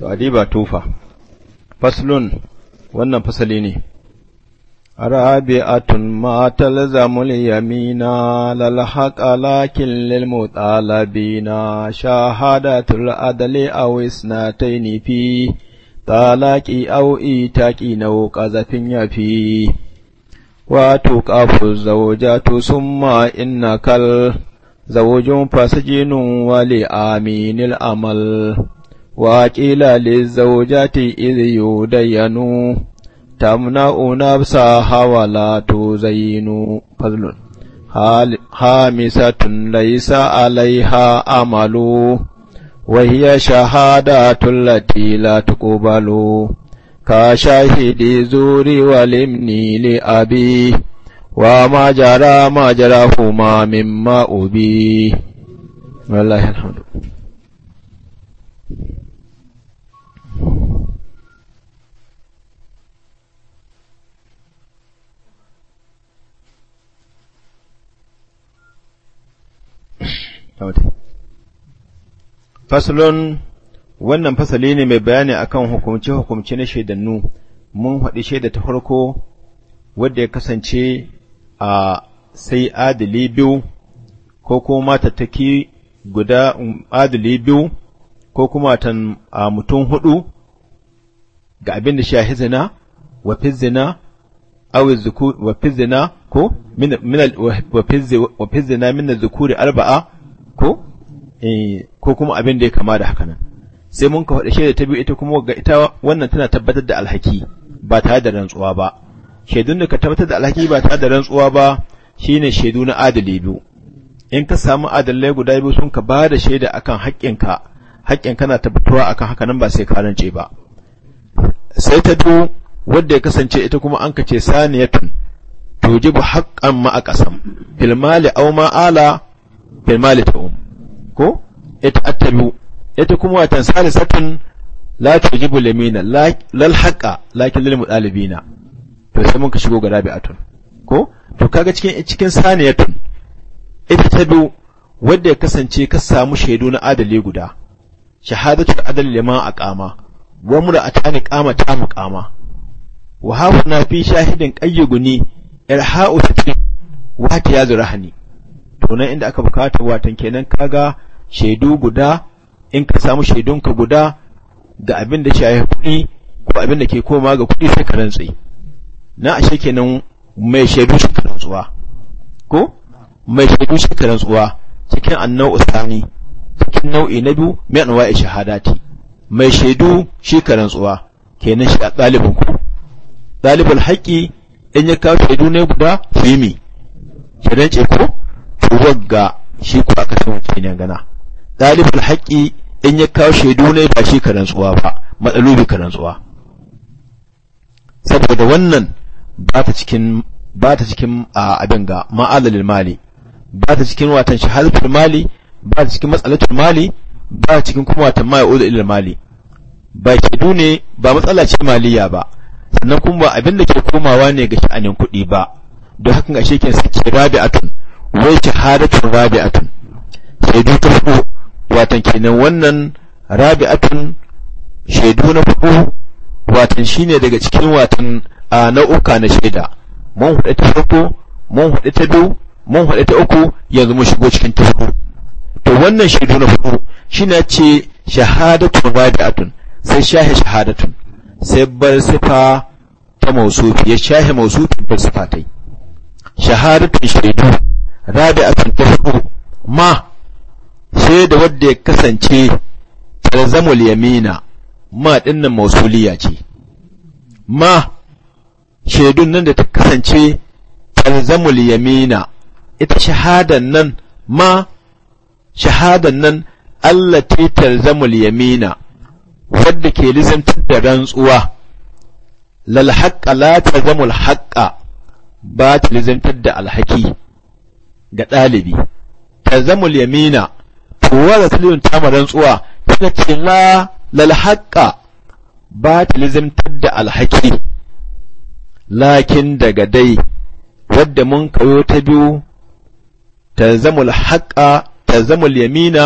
To, adiba tufa, faslun wannan fasali ne, rabi'atun matal zamul yamina lalhaƙa lakin lilmu mutalabina shahadatul adli aw isnataini fi talaki aw itaqi naw qazafin yafi wa qafu zawjatu summa innakal zawjun fasijinun wali aminil amal وقيل للزوجات إذ يدينوا تمنع نفسها ولا تزين فضل خامسة ليس عليها أمل وهي شهادة التي لا تقبل كشاهد زور والامن لأبي وما جرى ما جرى هما مما أبي والله الحمد fasalon wannan fasali ne mai bayani akan hukumce-hukumce na shaidannu mun haɗi shaida ta farko wadda ya kasance a sai adali biyu ko kuma matattaki guda adali biyu ko kuma mutum hudu ga abin da shahi zina wa fi zina awi zuku wa fi zina ko min wa fi zina min zukuri arba'a ko eh, ko kuma abin da ya kama da haka nan sai mun ka faɗi shaida ta biyu ita kuma ga ita wannan tana tabbatar da alhaki ba tare da rantsuwa ba shaidun da ka tabbatar da alhaki ba tare da rantsuwa ba shine shaidu na adali biyu in ka samu adalai guda biyu sun ka ba da shaida akan haƙƙinka haƙƙinka na tabbatuwa akan haka nan ba sai ka rance ba sai ta du wadda ya kasance ita kuma an kace saniyatun tujibu haqqan ma aqsam bil mali aw ma ala bil mali ta'um ko ita attabu ita kuma watan salisatun la tujibu lamina lal haqa lakin lil mudalibina to sai mun ka shigo ga rabi'atun ko to kaga cikin cikin saniyatun ita ta biyu wadda ya kasance ka samu shaidu na adali guda shahadatu adali liman aqama wa mura a ta muƙama wa na fi shahidin qayyuguni irha'u tatri cikin ta yazu rahani to nan inda aka bukata watan kenan kaga shaidu guda in ka samu shaidunka guda ga abin da shaye kuɗi ko abin da ke koma ga kuɗi sai ka rantsi na ashe kenan mai shaidu shi ka rantsuwa ko mai shaidu shi ka rantsuwa cikin annau usani cikin nau'i na biyu mai anwa'i shahadati mai shaidu shi ka rantsuwa kenan shi a ɗalibin ku ɗalibin haƙƙi in ya kawo shaidu ne guda su yi mi ki rance ko to wagga shi ku a san wace ne gana ɗalibin haƙƙi in ya kawo shaidu ne ba shi ka rantsuwa ba matsalubi ka rantsuwa saboda wannan ba ta cikin ba ta cikin abin ga ma'alalil mali ba ta cikin watan shahadatul mali ba ta cikin matsalatul mali ba cikin kuma watan ma ya'udu ilal mali ba shaidu ne ba matsala ce maliyya ba sannan kuma abin da ke komawa ne ga sha'anin kuɗi ba don hakan ashe ke sace rabi'atun wai shahadatun rabi'atun shaidu ta fuku watan kenan wannan rabi'atun shaidu na fuku watan shine daga cikin watan a nau'uka na shaida mun huɗu ta farko mun huɗu ta biyu mun ta uku yanzu mun shigo cikin ta huɗu to wannan shaidu na hudu shi na ce shahadatun wadatun sai shahe shahadatun sai bar sifa ta mausufi ya shahe mausufin bar sifa ta yi shahadatun shaidu a ta hudu ma shaida wadda ya kasance tarzamul yamina ma dinnan mausuliya ce ma shaidun nan da ta kasance tarzamul yamina ita shahadan nan ma shahadan nan Allah ta tarzamul, yamina wadda ke lizantar da rantsuwa lal haqqa la tarzamul haqqa ba ta lizantar da alhaki ga ɗalibi tarzamul, yamina tuwa da tilin ta rantsuwa tana ce la lal haqqa ba ta lizantar da alhaki lakin daga dai wadda mun kayo ta biyu tarzamul haqqa تلزم اليمين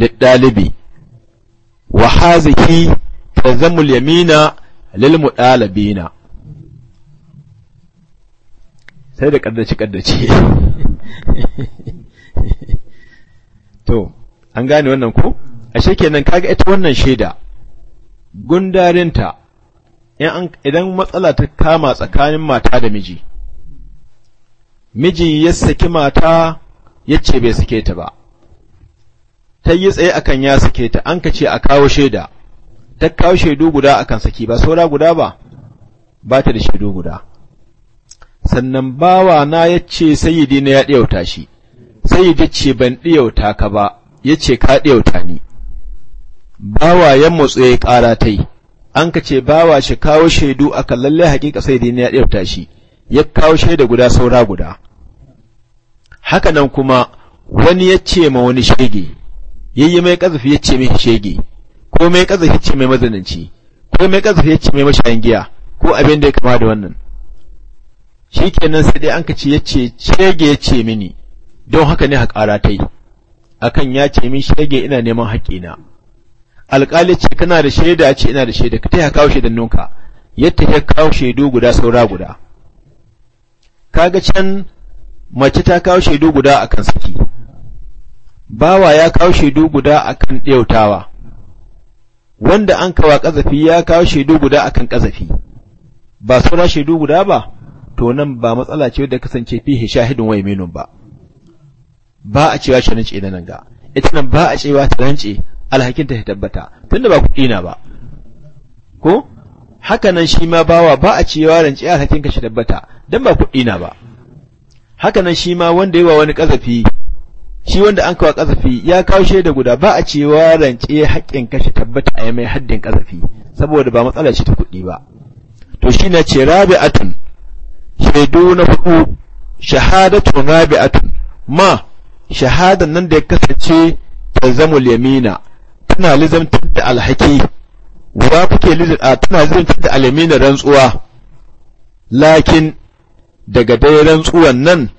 للطالب وهذه تلزم اليمين للمطالبين sai da kaddace kaddace to an gane wannan ko ashe kenan kaga ita wannan shaida gundarinta idan matsala ta kama tsakanin mata da miji miji ya saki mata ya ce bai sake ta ba ta yi tsaye akan ya sake ta an ka ce a kawo shaida ta kawo shaidu guda akan saki ba saura guda ba ba ta da shaidu guda sannan bawa na ya ce sayidi na ya ɗiyauta shi sayidi ce ban ɗiyauta ka ba ya ce ka ɗiyauta ni bawa ya motsu ya ƙara ta yi an ka ce bawa shi kawo shaidu akan lallai hakika sayidi na ya ɗiyauta shi ya kawo shaida guda saura guda haka nan kuma wani ya ce ma wani shege yayye mai kazafi ya ce mai shege ko mai kazafi ce mai mazananci, ko mai kazafi ya ce mai mashayin giya ko abin da ya kama da wannan Shi kenan sai dai an ka ce ya ce shege ya ce mini don haka ne haƙara ta yi akan ya ce min shege ina neman haƙƙina alƙali ce kana da shaida ce ina da shaida ka taya kawo shaidan nunka yadda ya kawo shaidu guda saura guda kaga can mace ta kawo shaidu guda akan saki bawa ya kawo shaidu guda a kan ɗautawa wanda an kawa ƙazafi ya kawo shaidu guda a kan ƙazafi ba suna shaidu guda ba to nan ba matsala ce da kasance fihi shahidin wa yaminun ba ba a cewa shi rance nan ga ita nan ba a cewa ta rance alhakin ta tabbata tunda ba kuɗi na ba ko haka nan shi ma bawa ba a cewa rance alhakin ka shi tabbata dan ba kuɗi na ba haka nan shi ma wanda yi wa wani ƙazafi. shi wanda an kawo kazafi ya kawo shaida guda ba a cewa rance haƙƙin kashi tabbata a mai haddin kazafi saboda ba matsala ce ta kuɗi ba to shi na ce rabi'atun shaidu na hudu shahadatun rabi'atun ma shahadan nan da ya kasance zamu yamina tana lizamtar da alhaki wa kuke tana lizamtar da alyamina rantsuwa lakin daga dai rantsuwan nan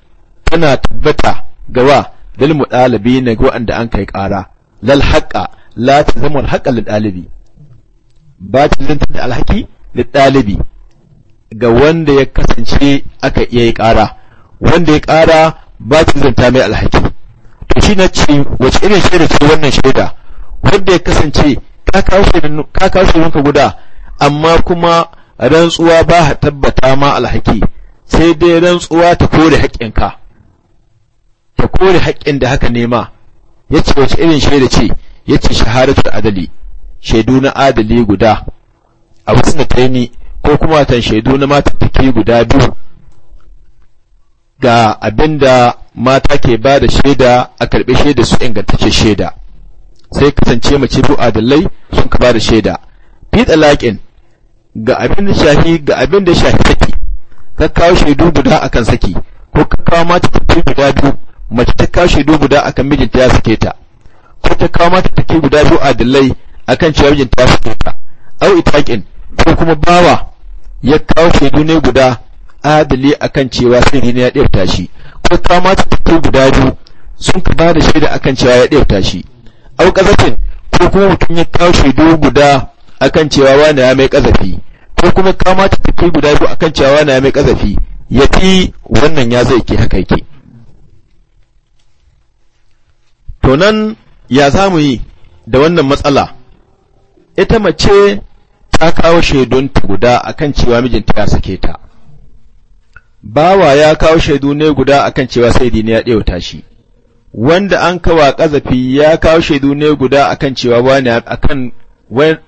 tana tabbata gawa lil mudalibi ne ga wanda an kai ƙara lal haqqa la tazamu al haqqa lil dalibi ba ta zanta da alhaki lil dalibi ga wanda ya kasance aka iya yi ƙara wanda ya ƙara ba ta zanta mai alhaki to shi na ce wace irin shaida ce wannan shaida wanda ya kasance ka kawo shaidanka guda amma kuma rantsuwa ba tabbata ma alhaki sai dai rantsuwa ta kore haƙƙinka ta kore haƙƙin da haka nema ya ce wace irin shaida ce ya ce shahadatul adali shaidu na adali guda a wasu da taimi ko kuma watan shaidu na matattaki guda biyu ga abin da mata ke ba da shaida a karɓi shaida su ingantacce shaida sai kasance mace biyu adalai sun ka ba da shaida fi talaƙin ga abin da shafi ga abin da shafi saki ka kawo shaidu guda akan saki ko ka kawo matattaki guda biyu mace ta kawo shaidu guda akan mijinta ya sake ta ko ta kawo mata take guda biyu adalai akan cewa mijinta ya sake ta au itaqin ko kuma bawa ya kawo shaidu ne guda adali akan cewa sai ne ya ɗirta shi ko kawo mata take guda biyu sun ka ba da shaida akan cewa ya ɗirta shi au kazatin ko kuma mutum ya kawo shaidu guda akan cewa wani ya mai kazafi ko kuma kama ta ke guda biyu akan cewa wani ya mai kazafi ya fi wannan ya zai ke haka yake to nan ya za mu yi da wannan matsala ita mace ta kawo shaidunta guda a kan cewa mijinta ya sake ta bawa ya kawo shaidu ne guda a kan cewa sai dini ya ɗewa shi wanda an kawa ƙazafi ya kawo shaidu ne guda kan cewa wani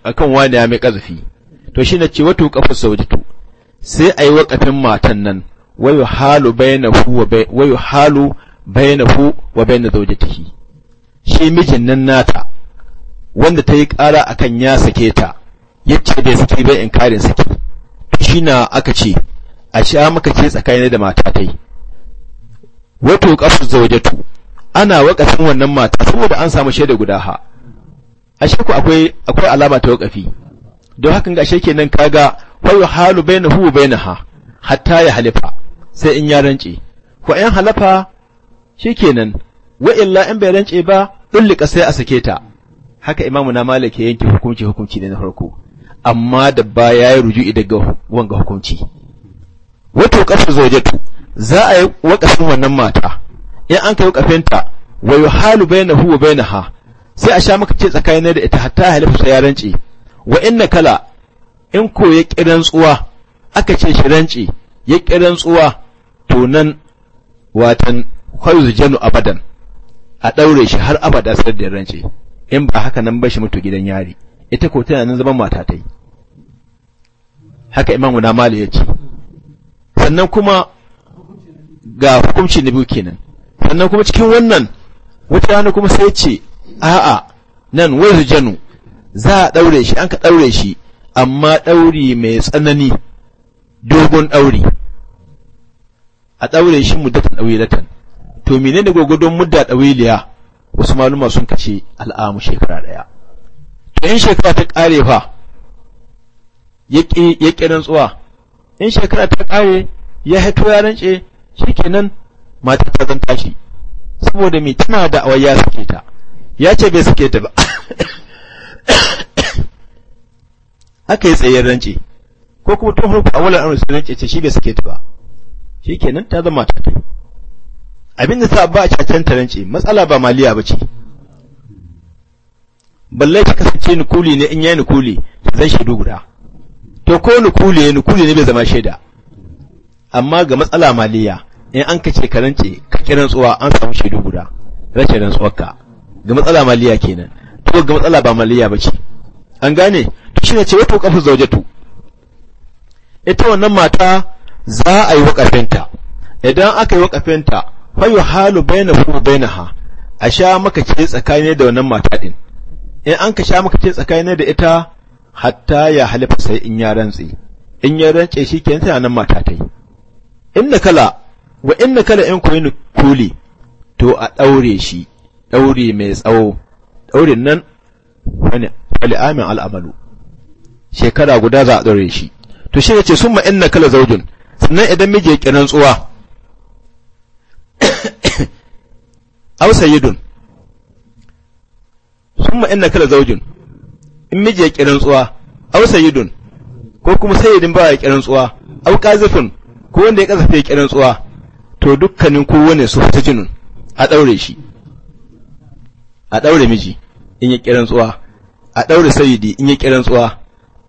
akan wani ya mai ƙazafi to shi na ce ƙafa sau jitu, sai a yi waƙafin matan nan wayo halu bayanahu wa bayanahu wa na zaujatihi shi mijin nan nata wanda ta yi ƙara kan ya sake ta ya ce bai saki bai in karin saki shi na aka ce a sha maka ce tsakanin da mata ta yi wato kafin zaujatu ana wakafin wannan mata saboda an samu shaida guda ha ashe ku akwai alama ta wakafi don hakan ga ashe kenan kaga wayu halu bainahu ha, hatta ya halifa sai in ya rance ko in halafa kenan. wa illa in bai rance ba dullika sai a sake ta haka imamu na malik ya yanke hukunci hukunci ne na farko amma da ba ya yi ruju'i daga wanga hukunci wato kafa zaujatu za a yi wakafin wannan mata in an kai wakafinta wa huwa bainahu na ha sai a sha maka ce tsakanin da ita hatta sai ya rance wa inna kala in ko ya kiran tsuwa aka ce shi rance ya kiran tsuwa to nan watan khayzu janu abadan a ɗaure shi har abada su da rance in ba haka nan bashi mutu gidan yari ita ko tana nan zaman mata ta yi haka imam na mali ya ce sannan kuma ga hukunci na biyu kenan sannan kuma cikin wannan wata rana kuma sai ce a'a nan wazu janu za a ɗaure shi an ka ɗaure shi amma ɗauri mai tsanani dogon ɗauri a ɗaure shi mu muddatan datan. to menene gwagwadon mudda ɗawiliya wasu maluma sun kace al'amu shekara ɗaya to in shekara ta ƙare fa ya ƙi rantsuwa in shekara ta ƙare ya haito ya rance shikenan mata ta zan tashi saboda me tana da awai ya sake ta ya ce bai sake ta ba aka yi tsayen rance ko kuma tun farko a wala an rance ce shi bai sake ta ba shikenan ta zama ta abin da sa ba a cacen taranci matsala ba maliya ba ce balle ta kasance nukuli ne in yayi nukuli zan shaidu guda to ko nukuli ne nukuli ne bai zama shaida amma ga matsala maliya in an kace karance ka kiran tsuwa an samu shaidu guda rashin rantsuwarka ga matsala maliya kenan to ga matsala ba maliya ba ce an gane to ne ce wato kafu zaujatu ita wannan mata za a yi wakafinta idan aka yi wakafinta fayu halu bainahu wa bainaha a sha maka ce tsakani da wannan mata din in an ka sha maka ce tsakani da ita hatta ya halifa sai in ya rantsi in ya rantsi shi ke tana nan mata tai inna kala wa inna kala in koyi kuli to a daure shi daure mai tsawo daure nan wani amin al'amalu shekara guda za a daure shi to shi yace summa inna kala zaujun sannan idan miji ya kiran tsuwa aw sayyidun summa innaka la zawjun in miji ya kiran tsuwa aw sayyidun ko kuma sayyidin ba ya kiran tsuwa aw qazifun ko wanda ya kazafe ya kiran tsuwa to dukkanin kowane su fita jinun a daure shi a daure miji in ya kiran tsuwa a daure sayyidi in ya kiran tsuwa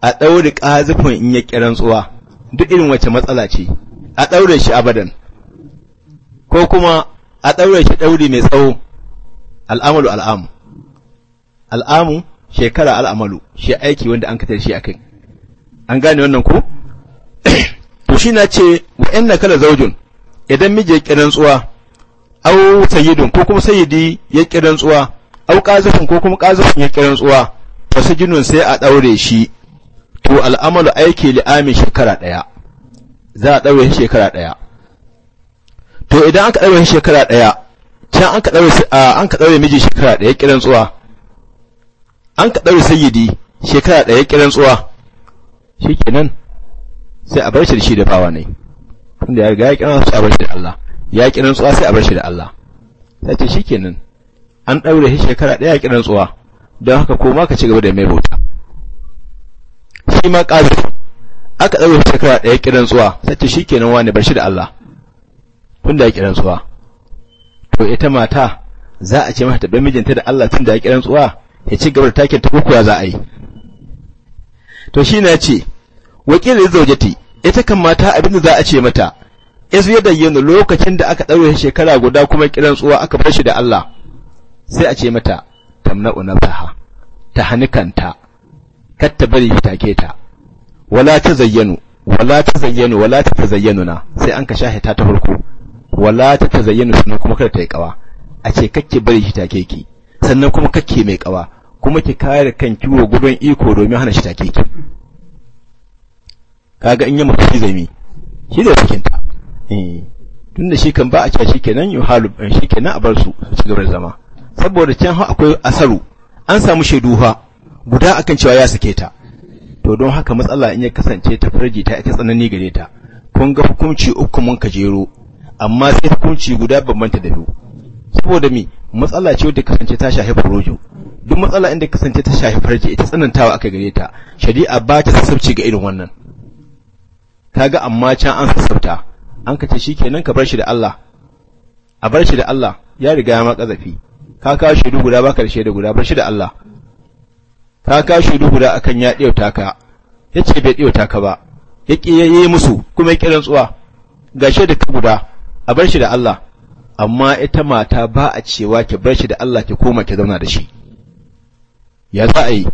a daure qazifun in ya kiran tsuwa duk irin wace matsala ce a daure shi abadan ko kuma a ɗaure shi ɗauri mai tsawo al'amalu al'amu al'amu shekara al'amalu shi aiki wanda an katar shi a kai an gane wannan ko to shi na ce wa ‘yan na kala zaujun idan miji ya ƙiran tsuwa au sayidun ko kuma sayidi ya ƙiran tsuwa au ƙazafin ko kuma ƙazafin ya ƙiran tsuwa wasu ginin sai a ɗaure shi to al'amalu aiki li'amin shekara ɗaya za a ɗaure shi shekara ɗaya to idan aka ɗaure shi shekara ɗaya can an ka ɗaure an ka ɗaure miji shekara ɗaya kiran tsuwa an ka ɗaure sayyidi shekara ɗaya kiran tsuwa shikenan sai a bar shi da shi da fawa ne tunda ya riga ya kiran sai a bar shi da Allah ya kiran tsuwa sai a bar shi da Allah sai ce shikenan an ɗaure shi shekara ɗaya kiran tsuwa don haka ko ma ka ci gaba da mai bauta shi ma ƙabi aka ɗaure shekara ɗaya kiran tsuwa sai ce shikenan wa bar shi da Allah tunda ya kiran tsuwa to ita mata za a ce mata tabbai mijinta da Allah tunda ya kiran tsuwa ya ci gaba da takin ta kuwa za a yi to shi na ce wakil zaujati ita kan mata abin da za a ce mata is ya dayyana lokacin da aka daure shekara guda kuma kiran tsuwa aka bar shi da Allah sai a ce mata tamna'u nafsaha ta hanikanta kar ta bari take ta wala ta zayyanu wala ta zayyanu wala ta zayyanu na sai an ka ta ta farko wala ta tazayyana sannan kuma kada ta yi kawa a ce kake bari shi take ki sannan kuma kake mai kawa kuma ki kare kan kiwo gudun iko domin hana shi take ki kaga in ya mutu shi zami shi da cikin ta eh, tunda shi kan ba a cewa shikenan eh, shi kenan a bar su su ci gaba zama saboda can ha akwai asaru an samu shaidu ha guda akan cewa ya sake ta to don haka matsala in ya kasance ta farji ta ita tsanani gare ta kun ga hukunci uku mun kajero amma sai hukunci guda babban da biyu saboda mi matsala ce wadda kasance ta shafi furojo duk matsala inda kasance ta shafi farji ita tsanantawa aka gare ta shari'a ba ta sassabci ga irin wannan kaga amma can an sassabta an kace ce shikenan ka bar shi da Allah a bar shi da Allah ya riga ya ma kazafi ka kawo shaidu guda baka da shaidu guda bar shi da Allah ka kawo shaidu guda akan ya ɗiyauta ka ya ce bai ɗiyauta ka ba ya ƙi musu kuma ya ƙi rantsuwa ga da ka guda a bar shi da Allah amma ita mata ba a cewa ki bar shi da Allah ki koma ki zauna da shi ya za a yi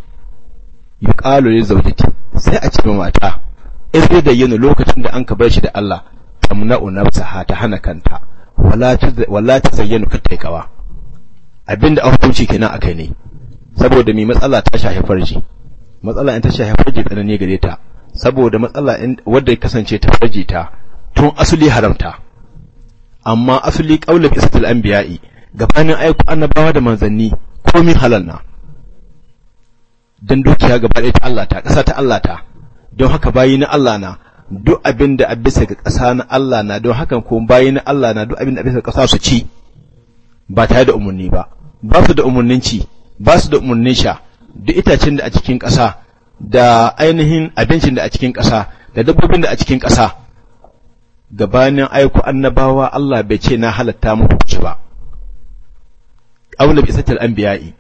yuqalu li zaujiti sai a ce mata in da yin lokacin da an ka bar shi da Allah tamna'u nafsaha ta hana kanta wala ta wala ta zayyana kawa abinda hukunci kenan a kai ne saboda mai matsala ta shafi farji matsala in ta shafi farji tsanani gare ta saboda matsala wadda kasance ta farji ta tun asali haramta amma asali qaula bi isatil anbiya'i gabanin aiko annabawa da manzanni komi halal na don dukiya gaba ɗaya ta Allah ta ƙasa ta Allah ta don haka bayi na Allah na duk abin da abisa ga ƙasa na Allah na don haka ko bayi na Allah na duk abin da abisa ga ƙasa su ci ba tare da umarni ba ba su da umarnin ci ba su da umarnin sha duk itacen da a cikin ƙasa da ainihin abincin da a cikin ƙasa da dabbobin da a cikin ƙasa gabanin aiko annabawa Allah bai ce na halatta muku ci ba aula bi satil anbiya'i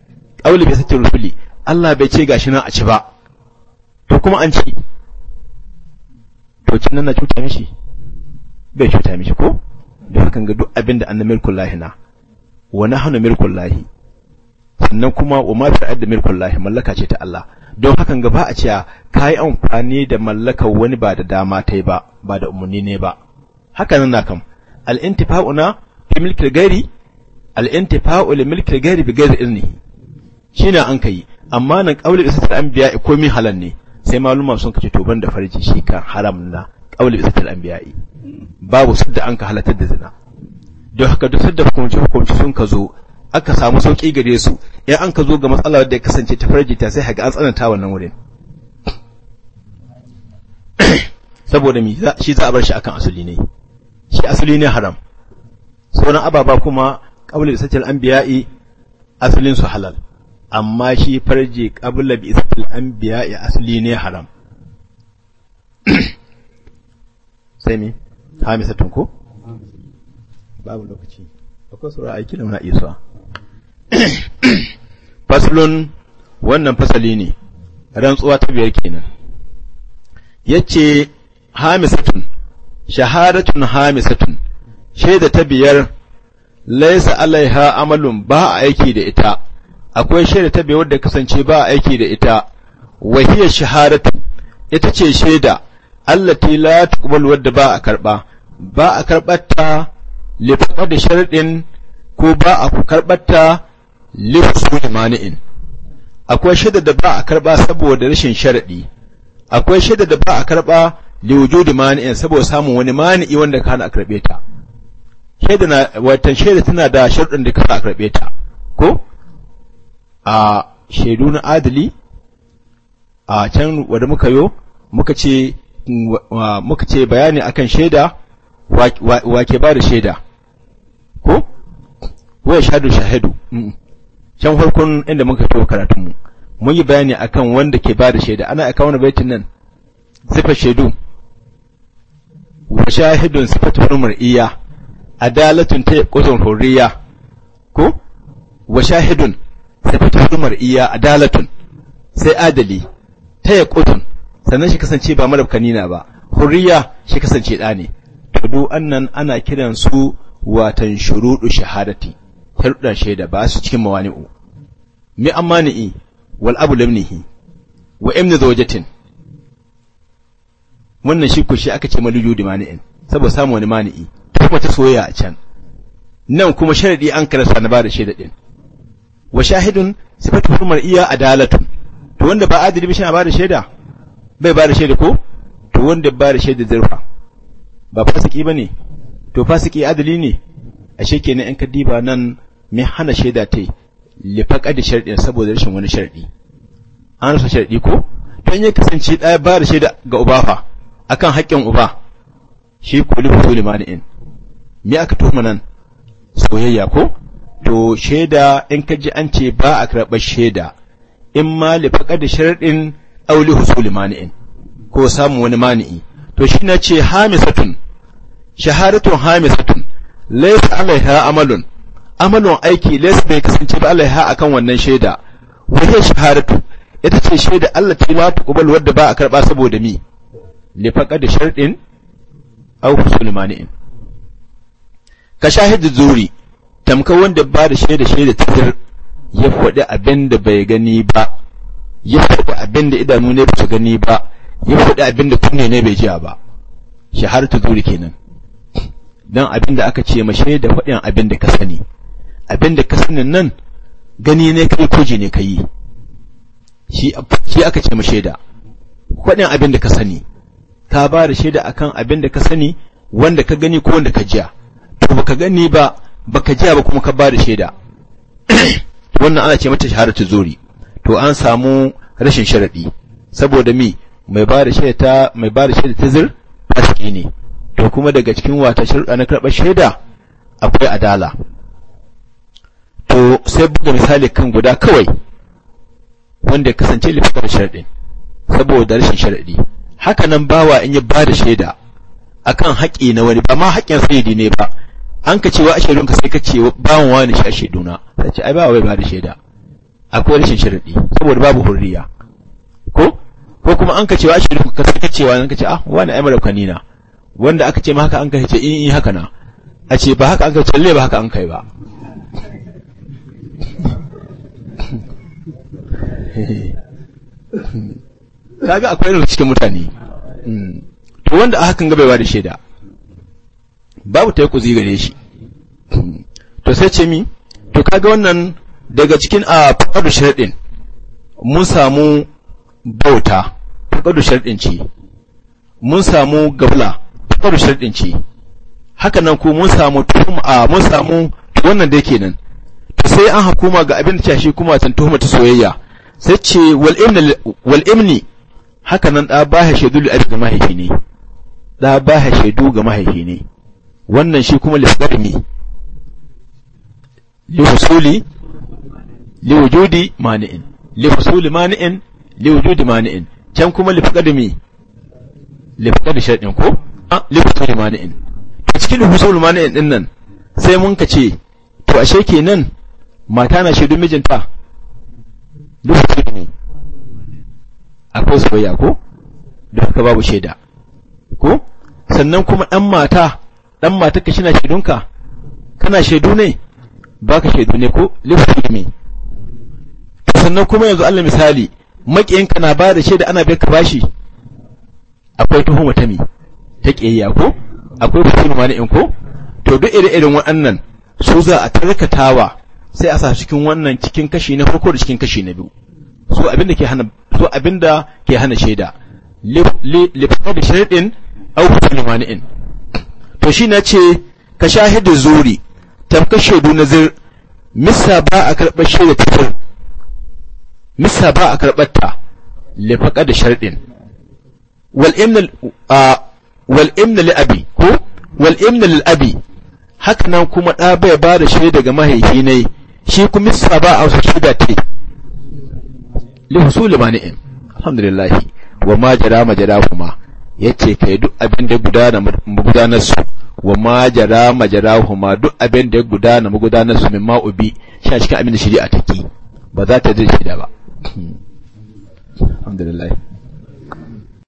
aula bi satil rusuli Allah bai ce gashi nan a ci ba to kuma an ci to cin nan na cuta mishi bai cuta mishi ko don hakan ga duk abin da annabi milkul lahi na wa nahnu milkul lahi sannan kuma wa ma ta'adda milkul lahi mallaka ce ta Allah don hakan ga ba a ka kai amfani da mallakar wani ba da dama tai ba ba da umarni ne ba haka nan na kam al-intifa'u na fi milkil gari al-intifa'u li milkil gari bi gari shi ne an kai amma nan qaulul biya anbiya komai halal ne sai maluma sun kace to da farji shi kan haram na qaulul istatil anbiya babu sadda an ka halatar da zina don haka duk sadda hukunci hukunci sun ka zo aka samu sauki gare su in an ka zo ga matsalar da ya kasance ta farji ta sai haga an tsananta wannan wurin saboda mi shi za a bar shi akan asali ne shi asali ne haram sauran ababa kuma qabla bisatil anbiya'i asalin su halal amma shi farji bi bisatil anbiya'i asali ne haram sai mi satun ko babu lokaci akwai sura aiki da muna isa faslun wannan fasali ne rantsuwa ta biyar kenan yace satun shahadatun hamisatun shaida ta biyar laisa alaiha amalun ba a aiki da ita akwai shaida ta biyar wadda kasance ba a aiki da ita wahiyar shahadatu ita ce shaida allati la tuqbal wadda ba a karba ba a karbata li da sharadin ko ba a karbata li mani'in akwai shaida da ba a karba saboda rashin sharadi akwai shaida da ba a karba li wujudi mani'in saboda samun wani mani'i wanda ka hana a ta shaida na watan shaida tana da sharuɗin da ka hana a ta ko a shaidu na adali a can wanda muka yo muka ce muka ce bayani akan shaida wake ba da shaida ko wa shahadu shahidu can farkon inda muka to karatunmu mun yi bayani akan wanda ke ba da shaida ana akan wani baitin nan zifa shaidu wa shahidun sifatu murmuriya adalatun ta qutun hurriya ko wa shahidun sifatu murmuriya adalatun sai adali ta qutun sannan shi kasance ba na ba hurriya shi kasance da ne to du annan ana kiran su watan shuruɗu shahadati hirɗan shaida ba su cikin mawani'u mi amani'i wal abu lamnihi wa imni zawjatin wannan shi ko shi aka ce maliyu da mani'in saboda samu wani mani'i ta kuma ta soyayya a can nan kuma sharadi an karasa na bada shaida din wa shahidun sifatu hurmar iya adalatu to wanda ba adili bishin a bada shaida bai bada shaida ko to wanda ba da shaida zurfa ba fasiki bane to fasiki adali ne ashe kenan in ka diba nan mai hana shaida tai li da sharadi saboda rashin wani sharadi an rasa sharadi ko to in ya kasance ɗaya ba da shaida ga ubafa akan haƙƙin uba shi ko lifutu limani'in me aka tuhuma nan soyayya ko to shaida in ka ji an ce ba a karɓar shaida in ma lifaƙa da sharaɗin auli husuli in ko samu wani mani'i to shi na ce hamisatun shaharatun hamisatun laisa alaiha amalun amalun aiki laisa bai kasance ba alaiha akan wannan shaida wani shaharatu ita ce shaida Allah ta ma ta kubal wadda ba a karɓa saboda mi lifaqad shartin aw husul mani'in ka shahidu zuri tamka wanda ba da shaida shaida tir ya faɗi abin da bai gani ba ya faɗi abin idanu ne ba gani ba ya faɗi abin kunne ne bai jiya ba shaharatu zuri kenan dan abin da aka ce ma shaida faɗin abin ka sani abin ka sani nan gani ne kai ko ji ne kai shi aka ce ma shaida faɗin abin ka sani ta ba da shaida akan abin da ka sani wanda ka gani ko wanda ka jiya to baka gani ba baka jiya ba kuma ka ba da shaida wannan ana ce mata ta zuri to an samu rashin sharadi saboda mi mai ba da shaida ta mai ba da shaida ta zir fasiki ne to kuma daga cikin wata sharuɗa na karɓar shaida akwai adala to sai buga misali kan guda kawai wanda ya kasance lifitar sharaɗin saboda rashin sharaɗi haka nan bawa in ya ba da shaida akan haƙi na wani ba ma haƙƙin sayidi ne ba an ka cewa ashedun ka sai ka ce bawan wani shi shaiduna sai ce ai bawa bai ba da shaida akwai rashin sharadi saboda babu hurriya ko ko kuma an ka cewa ashedun ka sai ka ce wani ka ce ah wani ai marauka nina wanda aka ce ma haka an ka ce in eh, in eh, haka na a ce ba haka an ka ce ba haka an kai ba Mm-hmm. kaga akwai irin cikin mutane hmm. to wanda a hakan ya da shaida babu ta yi kuzi gare shi hmm. to sai ce mi to kaga wannan daga cikin a ah, fakadu sharɗin mun samu bauta fakadu sharɗin ce mun samu gabla fakadu sharɗin ce haka nan ko mun samu tuhuma ah, mun samu wannan da yake nan to sai an hukuma ga abin da shi kuma tan tuhuma ta soyayya sai ce wal imni haka nan ɗa ba ya shaidu li'abi ga mahaifi ne ɗa ba ya shaidu ga mahaifi ne wannan shi kuma li husuli, li wujudi mani'in husuli mani'in wujudi mani'in can kuma lifqadmi lifqad shartin ko a lihusuli mani'in to cikin lihusuli mani'in din nan sai mun ka ce to ashe kenan mata na shaidu mijinta lihusuli akwai soyayya ko don haka babu shaida ko sannan kuma ɗan mata ɗan mata ka shi na shaidunka kana shaidu ne ba ka shaidu ne ko lifilmi sannan kuma yanzu allah misali ka na ba da shaida ana bai ka bashi akwai tuhuma ta mi ta ƙiyayya ko akwai fitinu ma in ko to duk ire irin waɗannan su za a tarkatawa sai a sa cikin wannan cikin kashi na farko da cikin kashi na biyu so abinda ke hana so abinda ke hana shaida li fadi shaidin aw kulmani'in to shi na ce ka shahidu zuri tamka shaidu nazir misa ba a karɓar shaida ta misa ba a karɓar ta li faqad sharadin wal imn wal imn li abi ko wal imn lil abi haka nan kuma da bai ba da shaida ga mahaifi ne shi kuma misa ba a wasu shaida ta lihusul mani'in alhamdulillah wa ma jara majara kuma yace kai duk abin da gudana gudanar su wa ma jara majara kuma duk abin da gudana gudanar su min ma'ubi shi cikin abin da shari'a take ba za ta shi da ba alhamdulillah